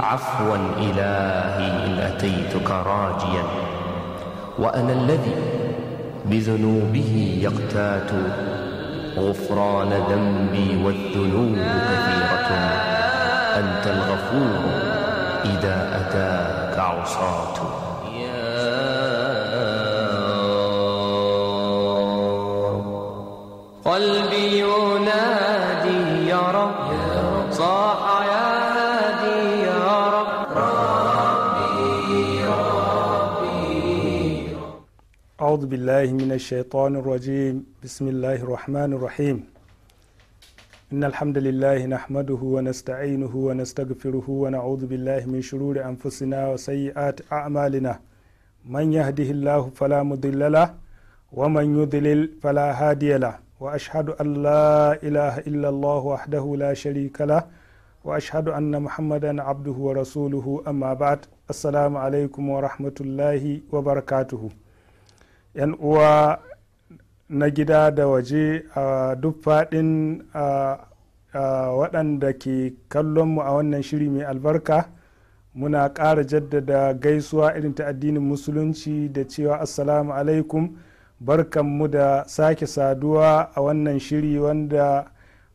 عفوا إلهي إن أتيتك راجيا وأنا الذي بذنوبه يقتات غفران ذنبي والذنوب كثيرة أنت الغفور إذا أتاك عصاته قلبي أعوذ بالله من الشيطان الرجيم بسم الله الرحمن الرحيم إن الحمد لله نحمده ونستعينه ونستغفره ونعوذ بالله من شرور أنفسنا وسيئات أعمالنا من يهده الله فلا مضل له ومن يضلل فلا هادي له وأشهد أن لا إله إلا الله وحده لا شريك له وأشهد أن محمدا عبده ورسوله أما بعد السلام عليكم ورحمة الله وبركاته 'yan uwa na gida da waje a duk faɗin waɗanda ke kallonmu a wannan shiri mai albarka muna ƙara jaddada gaisuwa irin ta addinin musulunci da cewa assalamu alaikum barkanmu da sake saduwa a wannan shiri wanda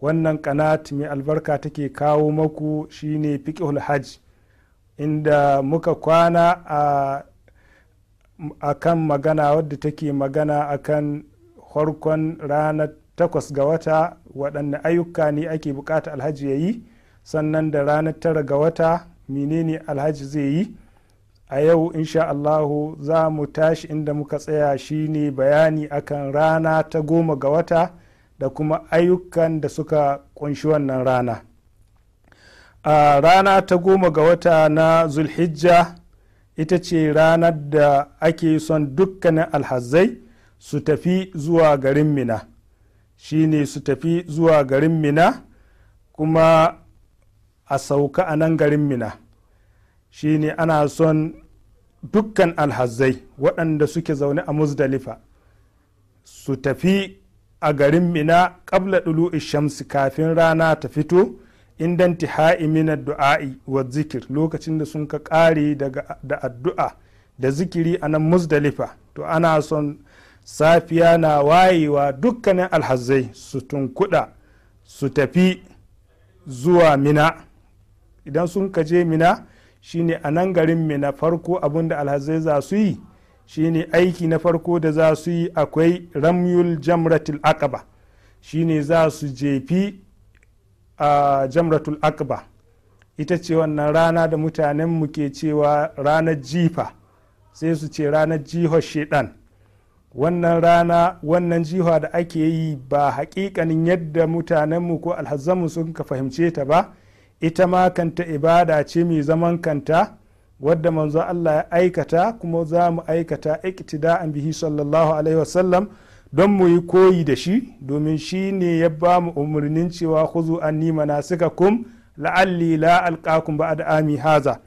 wannan kanat mai albarka take kawo maku shine fiqhul hajj inda muka kwana a akan magana wadda take magana a kan harkon ranar takwas ga wata waɗanne ayyuka ne ake bukata alhaji ya yi sannan da ranar tara ga wata menene alhaji zai yi a yau insha allahu za mu tashi inda muka tsaya shine bayani akan rana ta goma ga wata da kuma ayyukan da suka kunshi wannan rana a rana ta goma ga wata na zulhijja ita ce ranar da ake son dukkanin alhazai su tafi zuwa garin mina shi ne su tafi zuwa garin mina kuma a sauka a nan garin mina shi ne ana son dukkan alhazai waɗanda suke zaune a muzdalifa su tafi a garin mina ƙabla ɗulu shamsi kafin rana ta fito indan tihai mina du'a'i wa zikir lokacin da sun ka kare da addu'a da zikiri a nan muzdalifa to ana son safiya na wayewa dukkanin alhazai su tunkuda su tafi zuwa mina idan sun je mina shine a nan garin mina farko abinda da alhazai za su yi shine aiki na farko da za su yi akwai ramyul jamratil aqaba shine za su jefi a jamratul akba ita ce wannan rana da mutanenmu ke cewa ranar jifa sai su ce ranar jihar shedan wannan rana wannan jiha da ake yi ba hakikanin yadda mutanenmu ko alhazzamu sun ka fahimce ta ba ita ma kanta ibada ce mai zaman kanta wadda manzo Allah ya aikata kuma za mu aikata iktida'an bihi sallallahu alaihi wasallam don mu yi koyi da shi domin shi ne ya ba mu umarnin cewa huzu an nima na suka kum la'alli la alƙakun ba da ami haza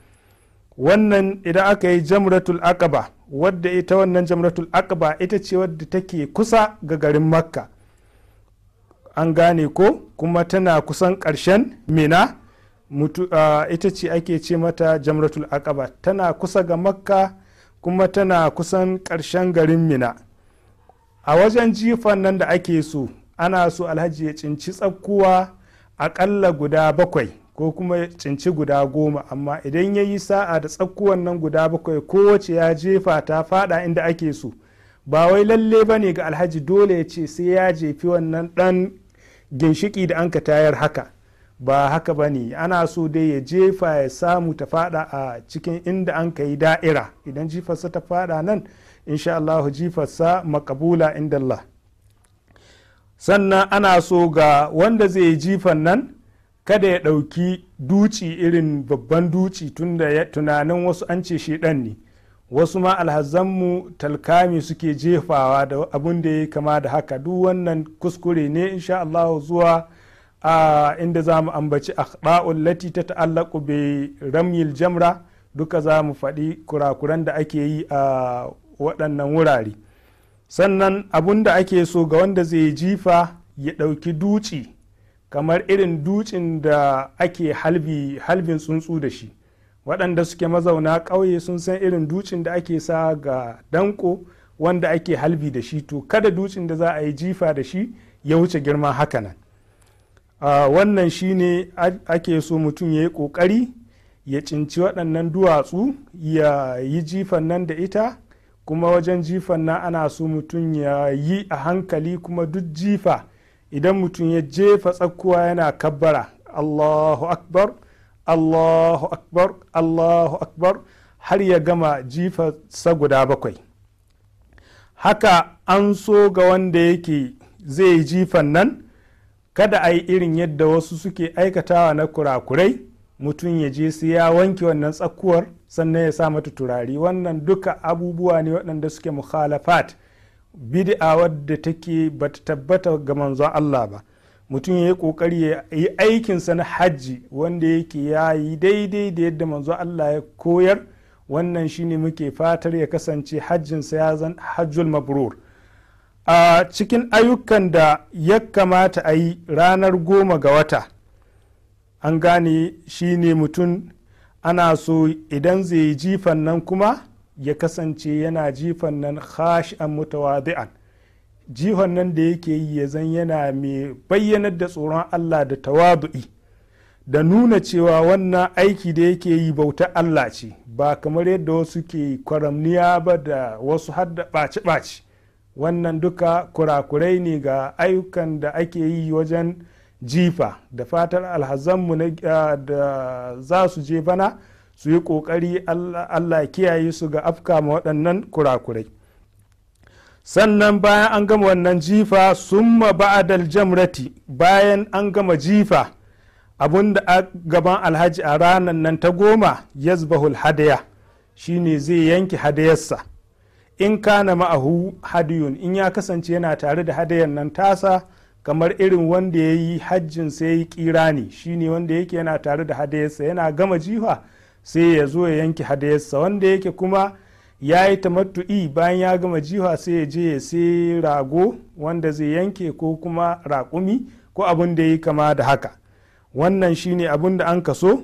wannan idan aka yi jamratul akaba wadda ita wannan jamratul akaba ita ce wadda take kusa ga garin makka an gane ko kuma tana kusan ƙarshen mina ita ce ake ce mata jamratul akaba tana kusa ga makka kuma tana kusan ƙarshen garin mina a wajen jifan nan da ake so ana so alhaji ya cinci tsakkuwa aƙalla guda bakwai ko kuma ya cinci guda goma amma idan ya yi sa'a da tsakkuwan nan guda bakwai kowace ya jefa ta fada inda ake so ba wai lalle ba ne ga alhaji dole ya ce sai ya jefi wannan dan ginshiki da an ka tayar haka ba haka ba ne ana so dai ya jefa ya samu ta fada a cikin inda an ka yi da'ira idan jifarsa ta fada nan insha Allah jifarsa makabula inda Allah sannan ana so ga wanda zai jifan nan kada ya ɗauki duci irin babban duci tunda tunanin wasu an ce shedan ne wasu ma alhazan mu talkami suke jefawa da abin da ya kama da haka duk wannan kuskure ne insha Allah zuwa a inda za mu ambaci akhda'ul lati ta ta'allaku bi ramyil jamra duka za mu faɗi kurakuran da ake yi a waɗannan wurare sannan abun da ake so ga wanda zai jifa ya ɗauki duci kamar irin ducin da ake halbin tsuntsu da shi waɗanda suke mazauna ƙauye sun san irin ducin da ake sa ga danko wanda ake halbi da shi to kada ducin da za a yi jifa da shi ya wuce girma haka nan wannan shi ne ake so mutum ya yi ƙoƙari ya cinci waɗannan duwatsu ya yi jifan nan da ita kuma wajen jifan nan ana so mutum ya yi a hankali kuma duk jifa idan mutum ya jefa tsakkuwa yana kabbara allahu akbar allahu akbar allahu akbar har ya gama jifa sa guda bakwai haka an so ga wanda yake zai jifan nan kada a yi irin yadda wasu suke aikatawa na kurakurai mutum ya je sai ya wanke wannan tsakuwar sannan ya sa mata turari wannan duka abubuwa ne waɗanda suke mukhalafat bid'a wadda take bata tabbata ga manzon Allah ba mutum ya yi kokari ya yi aikinsa na hajji wanda yake ya yi daidai da yadda manzon Allah ya koyar wannan shine muke fatar ya kasance hajjinsa ya zan hajjul mabrur a cikin ayyukan da ya kamata a yi ranar goma ga wata an gane shi ne mutum ana so idan zai jifan nan kuma ya kasance yana jifan nan khashan mutawadi'an jifan nan da yake yi ya zan yana mai bayyanar da tsoron allah da tawadu'i da nuna cewa wannan aiki da yake yi bauta allah ce ba kamar yadda wasu ke kwaramniya ba da wasu hadda ɓaci-ɓaci wannan duka kurakurai ne ga ayyukan da ake yi wajen jifa da fatar alhazanmu da za su je bana su yi kokari allah kiyaye su ga afka ma waɗannan kurakurai sannan bayan an gama wannan jifa summa ba'adal jamrati bayan an gama jifa abinda a gaban alhaji a ranar nan ta goma yazbahul hadaya shine zai yanki hadayarsa in kana ma'ahu hadiyun in ya kasance yana tare da hadayan nan tasa kamar irin wanda ya yi hajjin sai ya yi kirani shine wanda yake yana tare da hadayarsa yana gama jiha sai ya zo ya yanke hadayarsa wanda yake kuma ya yi matu’i bayan ya gama jiha sai ya je ya sai rago wanda zai yanke ko kuma raƙumi ko abin da ya yi kama da haka wannan shine abin da an kaso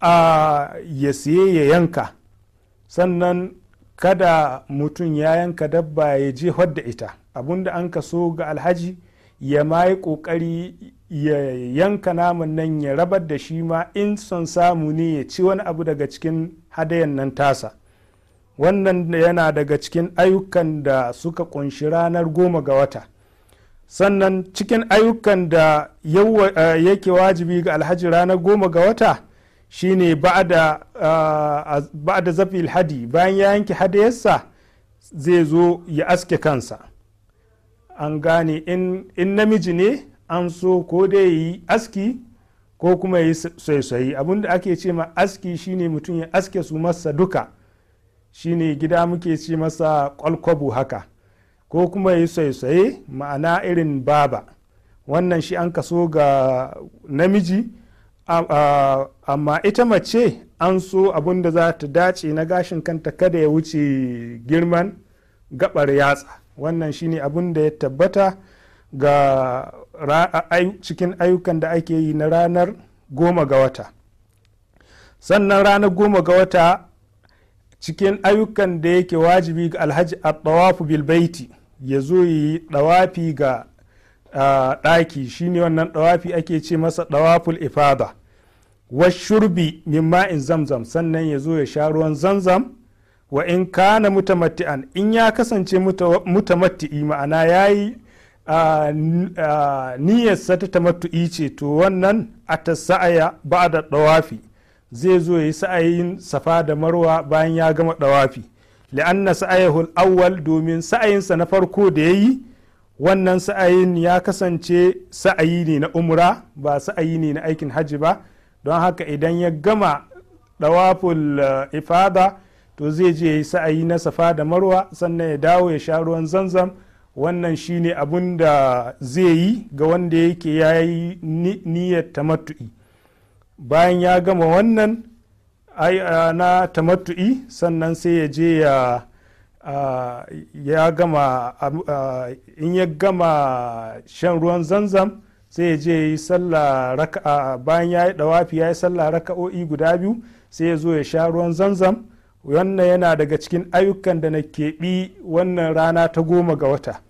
a ya siye ya yanka sannan kada mutum ya yanka dabba ya je da ita abun da an kaso ga alhaji ya ma yi ƙoƙari ya yanka naman nan ya rabar da shi ma in son samu ne ya ci wani abu daga cikin hadayan nan tasa wannan yana daga cikin ayyukan da suka kunshi ranar goma ga wata sannan cikin ayyukan da eh, yake wajibi ga alhaji ranar goma ga wata shine da eh, zafi alhadi bayan ya yanke hadayarsa zai zo ya aske kansa an gane in namiji ne an so ko dai yi aski ko kuma yi soyayi da ake ce ma aski shine mutum ya aske su masa duka shine gida muke ce masa kwalkwabu haka ko kuma yi soyayi ma'ana irin baba wannan shi an kaso ga namiji amma ita mace an so abinda za ta dace na gashin kanta kada ya wuce girman gabar yatsa wannan shine abun da ya tabbata ga cikin ayyukan da ake yi na ranar goma ga wata sannan ranar goma ga wata cikin ayyukan da yake wajibi ga alhaji a tawafu bilbaiti ya zo yi dawafi ga ɗaki shine wannan dawafi ake ce masa ɗawaful ifada washurbi min ma'in zamzam sannan ya zo ya sha ruwan zamzam wa in kana mutamatti'an in ya kasance mutamatti'i ma'ana ya yi niyyarsa ta tamattu'i ce to wannan a ta sa'aya ba da dawafi zai zo ya yi sa'ayin safa da marwa bayan ya gama dawafi li'anna sa'ayahul awwal domin sa'ayinsa na farko da ya yi wannan sa'ayin ya kasance sa'ayi ne na umra ba sa'ayi ne na aikin hajji ba don haka idan ya gama dawaful eh, ifada to zai je ya yi sa'ayi na safa da marwa sannan ya dawo ya sha ruwan zanzam wannan shine abun da zai yi ga wanda yake ya yi niyyar tamattu'i bayan ya gama wannan na tamattu'i sannan sai ya je ya ya gama in ya gama shan ruwan zanzam sai ya je yi sallah bayan ya yi dawafi ya yi sallah raka'o'i guda biyu sai ya zo ya sha ruwan zanzam wannan yana daga cikin ayyukan da na keɓi wannan rana ta goma ga wata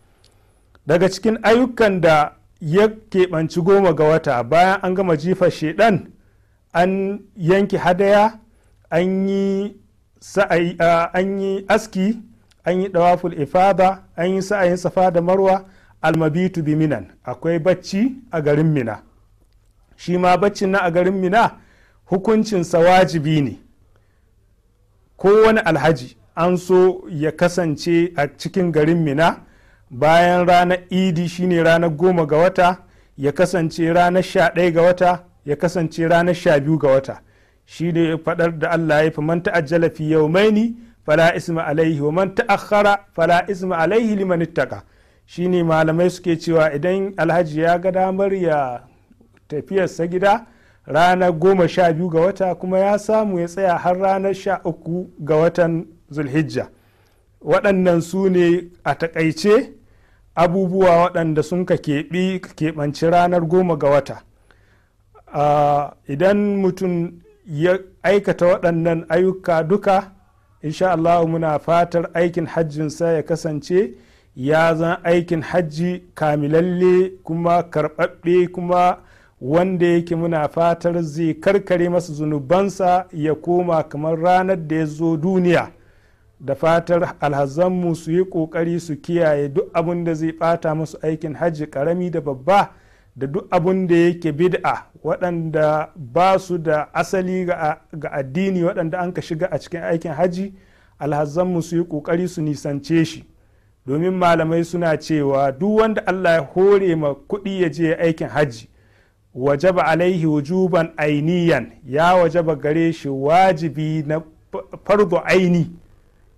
daga cikin ayyukan da ya keɓanci goma ga wata bayan an gama jifa shedan an yanki hadaya an yi aski an yi dawaful ifada an yi sa'ayin safa da marwa almabitu bi minan akwai bacci a garin mina shi ma baccin na a garin mina hukuncinsa wajibi ne kowane alhaji an so ya kasance a cikin garin mina bayan ranar idi shine ranar goma ga wata ya kasance ranar sha ɗaya ga wata ya kasance ranar sha biyu ga wata shi ne faɗar da allah ya fi manta ajala fi yaumaini fala isma alaihi wa manta akhara fala isma alaihi liman shi shine malamai suke cewa idan alhaji ya ga damar ya tafiyarsa gida ranar goma sha biyu ga wata kuma ya samu ya tsaya har ranar sha uku ga watan zulhijja waɗannan su ne a takaice abubuwa waɗanda sun ka keɓi keɓanci ranar goma ga wata idan mutum ya aikata waɗannan ayyuka duka insha Allah muna fatar aikin hajjinsa ya kasance ya zan aikin hajji kamilalle kuma karɓaɓɓe kuma wanda yake muna fatar zai karkare masa zunubansa ya koma kamar ranar da ya zo duniya da fatar alhazanmu su yi kokari su kiyaye duk abin da zai ɓata masu aikin hajji ƙarami da babba da duk abin da yake bid'a waɗanda ba su da asali ga addini waɗanda an ka shiga a cikin aikin hajji alhazanmu su yi kokari su nisance shi domin malamai suna cewa duk wanda allah ya hore ma kuɗi ya je aikin hajji wajaba alaihi wujuban ainiyan ya wajaba gare shi wajibi na fargo aini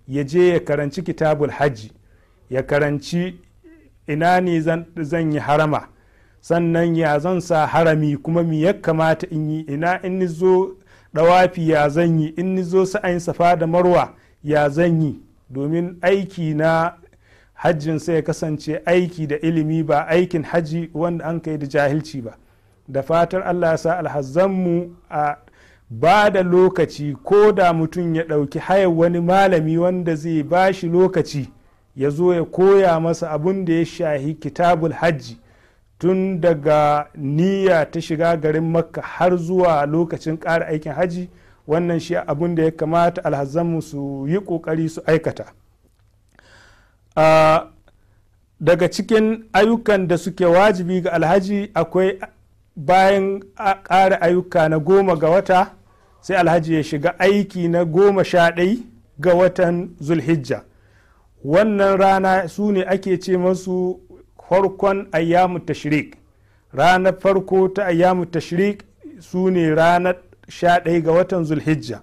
ya je ya karanci kitabul hajji ya karanci ina ne zan yi harama sannan ya zan sa harami kuma mi ya kamata in yi ina in ni zo dawafi ya zan yi in ni zo sa'ayin safa da marwa ya zan yi domin aiki na hajjin sai ya kasance aiki da ilimi ba aikin haji wanda an kai da jahilci ba da fatar allah ya sa alhazzanmu a ba da lokaci ko da mutum ya ɗauki hayar wani malami wanda zai ba shi lokaci ya zo ya koya masa abun da ya shahi kitabul hajji tun daga niyya ta shiga garin makka har zuwa lokacin ƙara aikin hajji wannan shi abun da ya kamata alhazanmu su yi ƙoƙari su aikata daga cikin ayyukan da suke wajibi ga alhaji akwai bayan ƙara ayyuka na goma ga wata sai alhaji ya shiga aiki na goma sha ɗai ga watan zulhijja wannan rana su ne ake ce masu farkon ayyamu tashrik ranar farko ta ayyamu tashrik su ne ranar sha ɗai ga watan zulhijja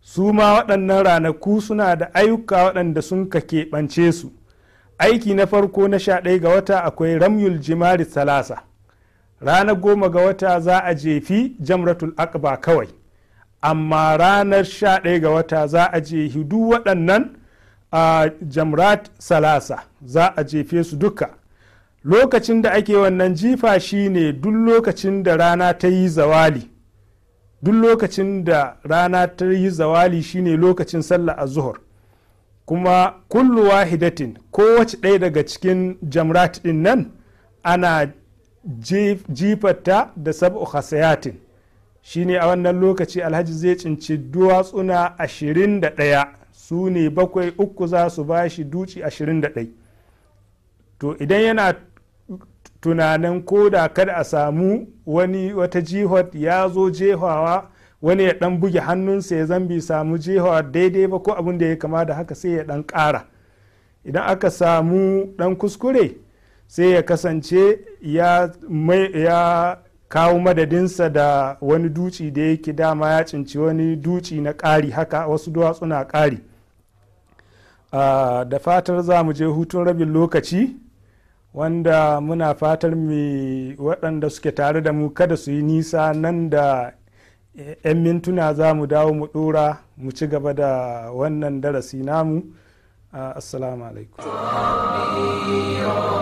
su ma waɗannan ranaku suna da ayyuka waɗanda sun ka keɓance su aiki na farko na sha ɗai ga wata akwai ramyul jimari salasa ranar goma ga wata za a jefi jamratul akba kawai amma ranar sha ɗaya ga wata za a jefi duk waɗannan a jamrat salasa za a jefe su duka lokacin da ake wannan jifa shine duk lokacin da rana ta yi zawali duk lokacin da rana ta yi zawali shine lokacin sallah a zuhur kuma kullu wahidatin kowace ɗaya daga cikin jamrat ɗin nan ana jifarta da sab'u khasayatin shine a wannan lokaci alhaji zai cinci duwatsuna ashirin da ɗaya su ne bakwai uku za su ba shi duci ashirin da ɗai to idan yana tunanin ko da kada a samu wani wata jihar ya zo jehawa wani ya ɗan buge hannunsa ya zambi samu jihar daidai ba ko abin da ya kama da haka sai ya ɗan ƙara idan aka samu ɗan kuskure sai ya kasance ya, kawo madadinsa da wani duci da yake dama ya cinci wani duci na ƙari haka wasu duwatsu na ƙari ah, da fatar za mu je hutun rabin lokaci wanda muna fatar mai waɗanda suke tare da mu kada su yi nisa nan da 'yan mintuna za mu dawo mu ɗora mu ci gaba da wannan darasi namu ah, assalamu alaikum